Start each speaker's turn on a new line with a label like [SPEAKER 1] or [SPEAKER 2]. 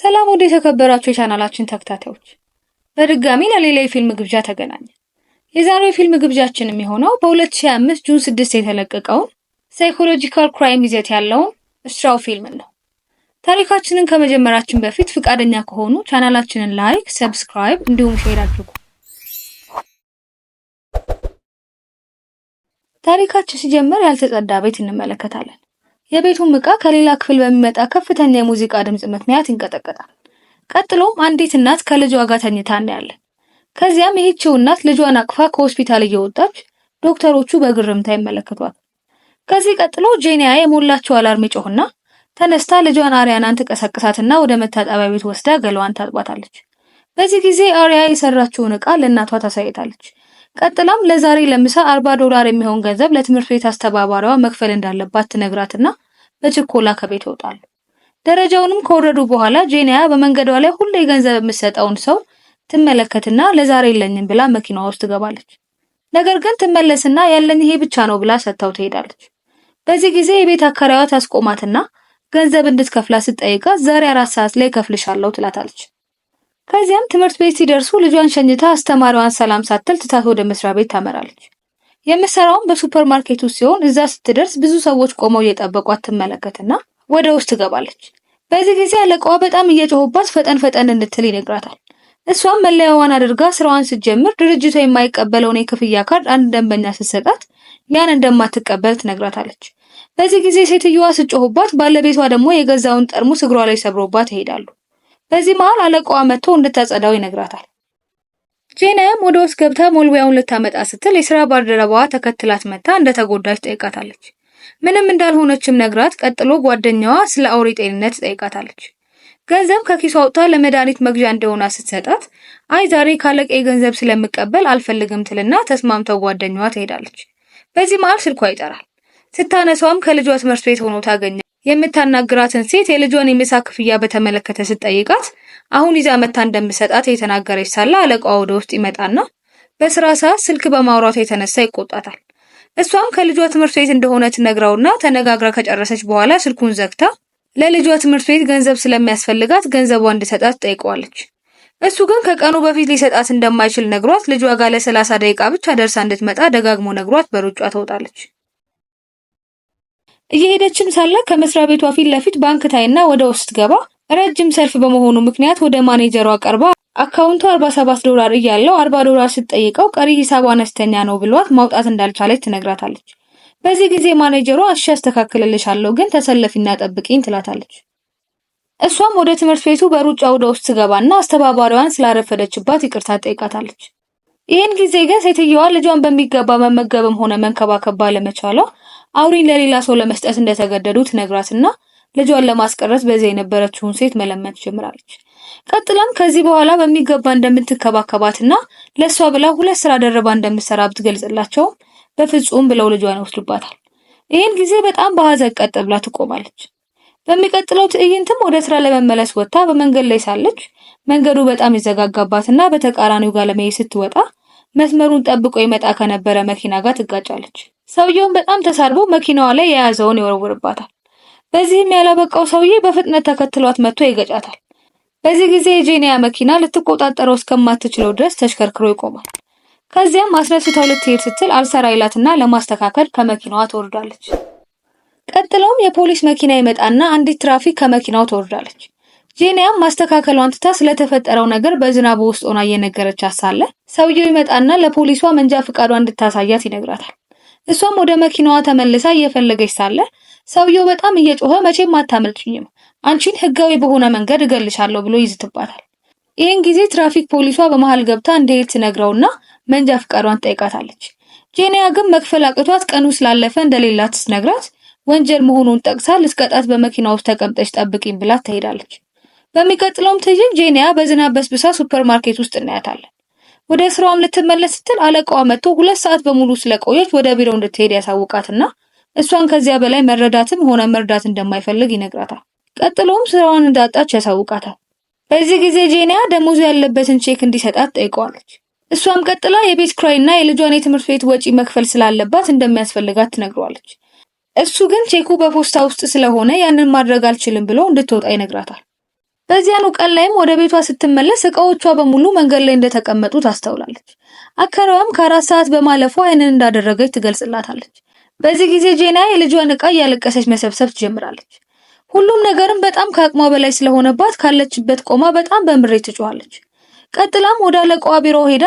[SPEAKER 1] ሰላም ወደ የተከበራችሁ የቻናላችን ተከታታዮች በድጋሚ ለሌላ የፊልም ግብዣ ተገናኘ። የዛሬው የፊልም ግብዣችን የሚሆነው በ2025 ጁን 6 የተለቀቀውን ሳይኮሎጂካል ክራይም ይዘት ያለውን ስትራው ፊልም ነው። ታሪካችንን ከመጀመራችን በፊት ፍቃደኛ ከሆኑ ቻናላችንን ላይክ፣ ሰብስክራይብ እንዲሁም ሼር አድርጉ። ታሪካችን ሲጀምር ያልተጸዳ ቤት እንመለከታለን። የቤቱም ዕቃ ከሌላ ክፍል በሚመጣ ከፍተኛ የሙዚቃ ድምፅ ምክንያት ይንቀጠቀጣል። ቀጥሎም አንዲት እናት ከልጇ ጋር ተኝታ እናያለን። ከዚያም ይህችው እናት ልጇን አቅፋ ከሆስፒታል እየወጣች ዶክተሮቹ በግርምታ ይመለከቷል። ከዚህ ቀጥሎ ጄኒያ የሞላቸው አላርም ጮህና ተነስታ ልጇን አሪያናን ትቀሰቅሳትና ወደ መታጠቢያ ቤት ወስዳ ገለዋን ታጥባታለች። በዚህ ጊዜ አሪያ የሰራችውን ዕቃ ለእናቷ ታሳይታለች። ቀጥላም ለዛሬ ለምሳ አርባ ዶላር የሚሆን ገንዘብ ለትምህርት ቤት አስተባባሪዋ መክፈል እንዳለባት ትነግራትና በችኮላ ከቤት ይወጣሉ። ደረጃውንም ከወረዱ በኋላ ጄኒያ በመንገዷ ላይ ሁሌ ገንዘብ የምትሰጠውን ሰው ትመለከትና ለዛሬ የለኝም ብላ መኪናዋ ውስጥ ትገባለች። ነገር ግን ትመለስና ያለን ይሄ ብቻ ነው ብላ ሰጥታው ትሄዳለች። በዚህ ጊዜ የቤት አከራዋ ታስቆማትና ገንዘብ እንድትከፍላ ስትጠይቃት ዛሬ አራት ሰዓት ላይ ከፍልሻለሁ ትላታለች። ከዚያም ትምህርት ቤት ሲደርሱ ልጇን ሸኝታ አስተማሪዋን ሰላም ሳትል ትታት ወደ መስሪያ ቤት ታመራለች። የምሰራውን በሱፐር ማርኬቱ ሲሆን እዛ ስትደርስ ብዙ ሰዎች ቆመው እየጠበቋት ትመለከትና ወደ ውስጥ ትገባለች። በዚህ ጊዜ አለቃዋ በጣም እየጮሁባት ፈጠን ፈጠን እንድትል ይነግራታል። እሷም መለያዋን አድርጋ ስራዋን ስትጀምር ድርጅቷ የማይቀበለውን የክፍያ ካርድ አንድ ደንበኛ ስትሰጣት ያን እንደማትቀበል ትነግራታለች። በዚህ ጊዜ ሴትየዋ ስትጮሁባት፣ ባለቤቷ ደግሞ የገዛውን ጠርሙስ እግሯ ላይ ሰብሮባት ይሄዳሉ። በዚህ መሃል አለቃዋ መጥቶ እንድታጸዳው ይነግራታል። ጄነም ወደ ውስጥ ገብታ ሞልቢያውን ልታመጣ ስትል የስራ ባልደረባዋ ተከትላት መታ እንደተጎዳች ጠይቃታለች። ምንም እንዳልሆነችም ነግራት፣ ቀጥሎ ጓደኛዋ ስለ አውሬ ጤንነት ጠይቃታለች። ገንዘብ ከኪሷ አውጥታ ለመድኃኒት መግዣ እንደሆነ ስትሰጣት፣ አይ ዛሬ ካለቀ ገንዘብ ስለምቀበል አልፈልግም ትልና ተስማምተው ጓደኛዋ ትሄዳለች። በዚህ መሃል ስልኳ ይጠራል። ስታነሷም ከልጇ ትምህርት ቤት ሆኖ ታገኛ የምታናግራትን ሴት የልጇን የምሳ ክፍያ በተመለከተ ስትጠይቃት አሁን ይዛ መታ እንደምሰጣት የተናገረች ሳለ አለቃዋ ወደ ውስጥ ይመጣና በስራ ሰዓት ስልክ በማውራቷ የተነሳ ይቆጣታል። እሷም ከልጇ ትምህርት ቤት እንደሆነ ትነግረውና ተነጋግራ ከጨረሰች በኋላ ስልኩን ዘግታ ለልጇ ትምህርት ቤት ገንዘብ ስለሚያስፈልጋት ገንዘቧ እንድሰጣት ጠይቀዋለች። እሱ ግን ከቀኑ በፊት ሊሰጣት እንደማይችል ነግሯት ልጇ ጋር ለሰላሳ ደቂቃ ብቻ ደርሳ እንድትመጣ ደጋግሞ ነግሯት በሩጫ ትወጣለች። እየሄደችም ሳለ ከመስሪያ ቤቷ ፊት ለፊት ባንክ ታይና ወደ ውስጥ ገባ ረጅም ሰልፍ በመሆኑ ምክንያት ወደ ማኔጀሯ ቀርባ አካውንቱ 47 ዶላር እያለው 40 ዶላር ስትጠይቀው ቀሪ ሂሳቡ አነስተኛ ነው ብሏት ማውጣት እንዳልቻለች ትነግራታለች። በዚህ ጊዜ ማኔጀሯ እሺ ያስተካክልልሻለሁ፣ ግን ተሰለፊና ጠብቂኝ ትላታለች። እሷም ወደ ትምህርት ቤቱ በሩጫ ወደ ውስጥ ትገባና አስተባባሪዋን ስላረፈደችባት ይቅርታ ጠይቃታለች። ይህን ጊዜ ግን ሴትየዋ ልጇን በሚገባ መመገብም ሆነ መንከባከብ ባለመቻሏ አውሪን ለሌላ ሰው ለመስጠት እንደተገደዱ ትነግራትና ልጇን ለማስቀረት በዚያ የነበረችውን ሴት መለመን ትጀምራለች። ቀጥላም ከዚህ በኋላ በሚገባ እንደምትከባከባትና ለእሷ ብላ ሁለት ስራ ደረባ እንደምትሰራ ብትገልጽላቸውም በፍጹም ብለው ልጇን ይወስዱባታል። ይህን ጊዜ በጣም በሀዘን ቀጥ ብላ ትቆማለች። በሚቀጥለው ትዕይንትም ወደ ስራ ለመመለስ ወጥታ በመንገድ ላይ ሳለች መንገዱ በጣም ይዘጋጋባትና በተቃራኒው ጋር ለመሄድ ስትወጣ መስመሩን ጠብቆ ይመጣ ከነበረ መኪና ጋር ትጋጫለች። ሰውየውም በጣም ተሳርቦ መኪናዋ ላይ የያዘውን ይወረውርባታል። በዚህም ያላበቃው ሰውዬ በፍጥነት ተከትሏት መጥቶ ይገጫታል። በዚህ ጊዜ የጄኒያ መኪና ልትቆጣጠረው እስከማትችለው ድረስ ተሽከርክሮ ይቆማል። ከዚያም አስነስተው ልትሄድ ስትል አልሰራ ይላትና ለማስተካከል ከመኪናዋ ትወርዳለች። ቀጥለውም የፖሊስ መኪና ይመጣና አንዲት ትራፊክ ከመኪናው ትወርዳለች። ጄኒያም ማስተካከሏን ትታ ስለተፈጠረው ነገር በዝናቡ ውስጥ ሆና እየነገረቻት ሳለ ሰውየው ይመጣና ለፖሊሷ መንጃ ፈቃዷ እንድታሳያት ይነግራታል። እሷም ወደ መኪናዋ ተመልሳ እየፈለገች ሳለ ሰውየው በጣም እየጮኸ መቼም አታመልጭኝም፣ አንቺን ህጋዊ በሆነ መንገድ እገልሻለሁ ብሎ ይዝትባታል። ይህን ጊዜ ትራፊክ ፖሊሷ በመሀል ገብታ እንደሄድ ትነግረውና መንጃ ፍቃዷን ትጠይቃታለች። ጄኒያ ግን መክፈል አቅቷት ቀኑ ስላለፈ እንደሌላት ስትነግራት ወንጀል መሆኑን ጠቅሳ ልስቀጣት በመኪና ውስጥ ተቀምጠች ጠብቂኝ ብላት ትሄዳለች። በሚቀጥለውም ትዕይንት ጄኒያ በዝናብ በስብሳ ሱፐርማርኬት ውስጥ እናያታለን። ወደ ስራዋም ልትመለስ ስትል አለቃዋ መጥቶ ሁለት ሰዓት በሙሉ ስለቆየች ወደ ቢሮው እንድትሄድ ያሳውቃትና እሷን ከዚያ በላይ መረዳትም ሆነ መርዳት እንደማይፈልግ ይነግራታል። ቀጥሎም ስራዋን እንዳጣች ያሳውቃታል። በዚህ ጊዜ ጄኒያ ደሞዙ ያለበትን ቼክ እንዲሰጣት ጠይቀዋለች። እሷም ቀጥላ የቤት ክራይና የልጇን የትምህርት ቤት ወጪ መክፈል ስላለባት እንደሚያስፈልጋት ትነግሯለች። እሱ ግን ቼኩ በፖስታ ውስጥ ስለሆነ ያንን ማድረግ አልችልም ብሎ እንድትወጣ ይነግራታል። በዚያኑ ቀን ላይም ወደ ቤቷ ስትመለስ እቃዎቿ በሙሉ መንገድ ላይ እንደተቀመጡ ታስተውላለች። አከራዋም ከአራት ሰዓት በማለፏ ይህንን እንዳደረገች ትገልጽላታለች። በዚህ ጊዜ ጄና የልጇን ዕቃ እያለቀሰች መሰብሰብ ትጀምራለች። ሁሉም ነገርም በጣም ከአቅሟ በላይ ስለሆነባት ካለችበት ቆማ በጣም በምሬት ትጮኻለች። ቀጥላም ወደ አለቃዋ ቢሮ ሄዳ